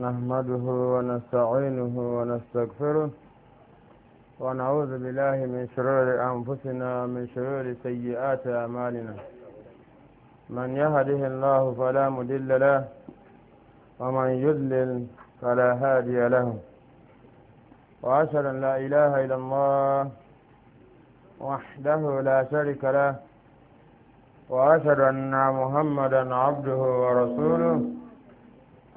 نحمده ونستعينه ونستغفره ونعوذ بالله من شرور أنفسنا من شرور سيئات أعمالنا من يهده الله فلا مدل له ومن يذلل فلا هادي له وأشهد أن لا إله إلا الله وحده لا شريك له وأشهد أن محمدا عبده ورسوله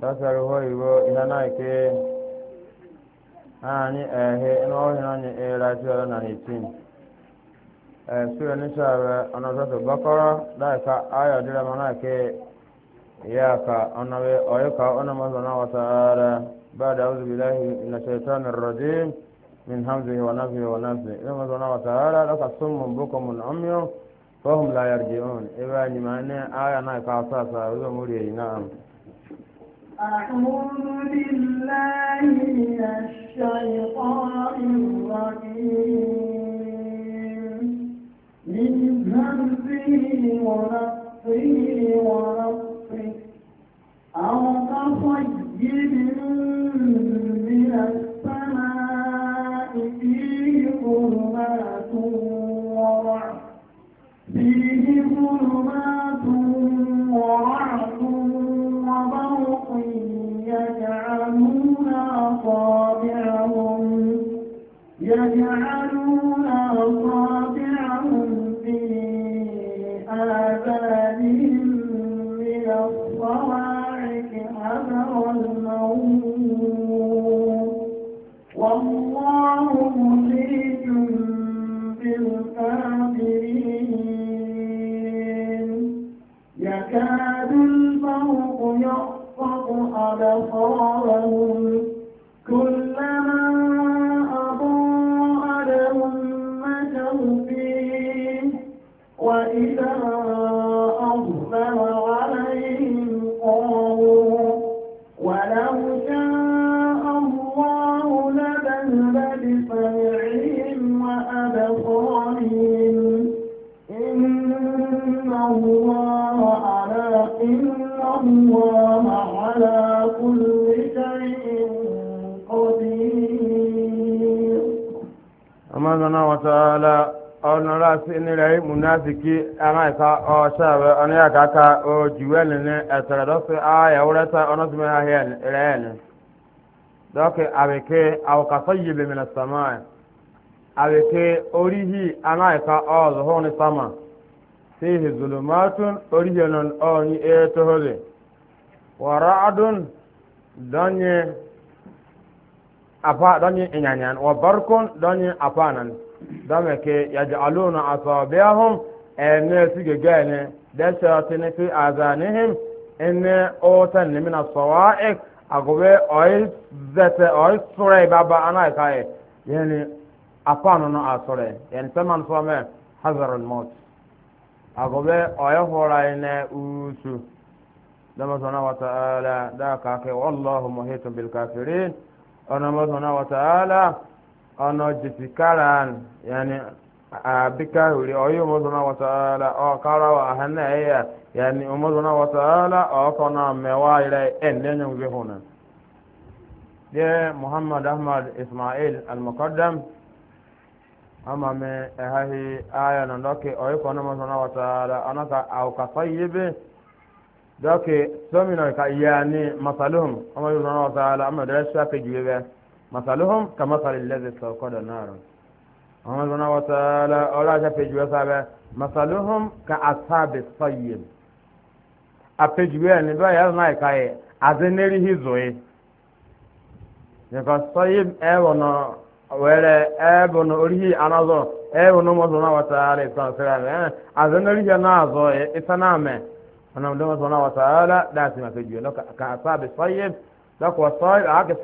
dasari ho ibo ina na ke ani ehe ina ohi na ni era ti ola na hitin eh sura ni sabe ona zato bakara da ka aya dira mana ke ya ka ona we oyo ka ona mazana wa taala بعد أعوذ بالله من الشيطان الرجيم من همزه ونفه ونفه إنما سبحانه وتعالى لك صم بكم عمي فهم لا يرجعون إذا نمانع آية نايك عصاصا وذو na am أعوذ بالله من الشيطان الرجيم من همزه ونفسه ونفسه أو كصيب من السماء فيه ظلمات ورعد فيه ظلمات ورعد يجعلون أصابعهم في آذانهم من الصواعق حذر الموت والله مخيف بالكافرين يكاد الفوق يخفق أبصارهم amazana wataala ọnara si nira munafiki ana ka ọsàbẹ ọni akaka ojuwe nini ẹsẹrẹ dọsi aya wurẹta ọnọsimi ha rẹẹni dọki abike awokasa yibi mina samai abike orihi ana ka ọzọ honi sama fihi zulumatun orihi non ọni etohole wara'adun donye apa donye inyanyan wa barkun donye apanan dame ke yaj'aluna asabi'ahum ene sige gane da shatin fi azanihim ene otan min as-sawa'iq agobe oil zete oil sore baba ana kai yani apano no asore yani taman fome hazar al-maut agobe oyo hora ene usu لمزنا وتعالى دا كاكي والله محيط بالكافرين ونمزنا وتعالى أنا جتكالا يعني بكا ولي مزنا وتعالى أو كارا وأهنا هي يعني مزنا وتعالى أو كنا موالي إن لن يمزحونا دي محمد أحمد إسماعيل المقدم أما من هذه آية نندوكي أو كنا مزنا وتعالى أنا أو كطيبي dɔke sɔmina ka yaani masaluhum ɔmɔ yi sɔnna wasa ala ɔmɔ dɛrɛ sɔ ke juwe bɛ masaluhum ka masali lɛbi sɔ kɔdɔ naara ɔmɔ yi sɔnna wasa ala ɔlɔ sɔ ke juwe bɛ ka asaabi sɔyin a pe juwe ni dɔ a ze neri hi ya ye nka sɔyin wɛrɛ orihi anazɔ mɔ sɔnna wasa ala sira mɛ a ze neri hi n'a فنمدون سبحانه وتعالى لا سمع تجيه لك كأصاب الصيب لك وصائب عاك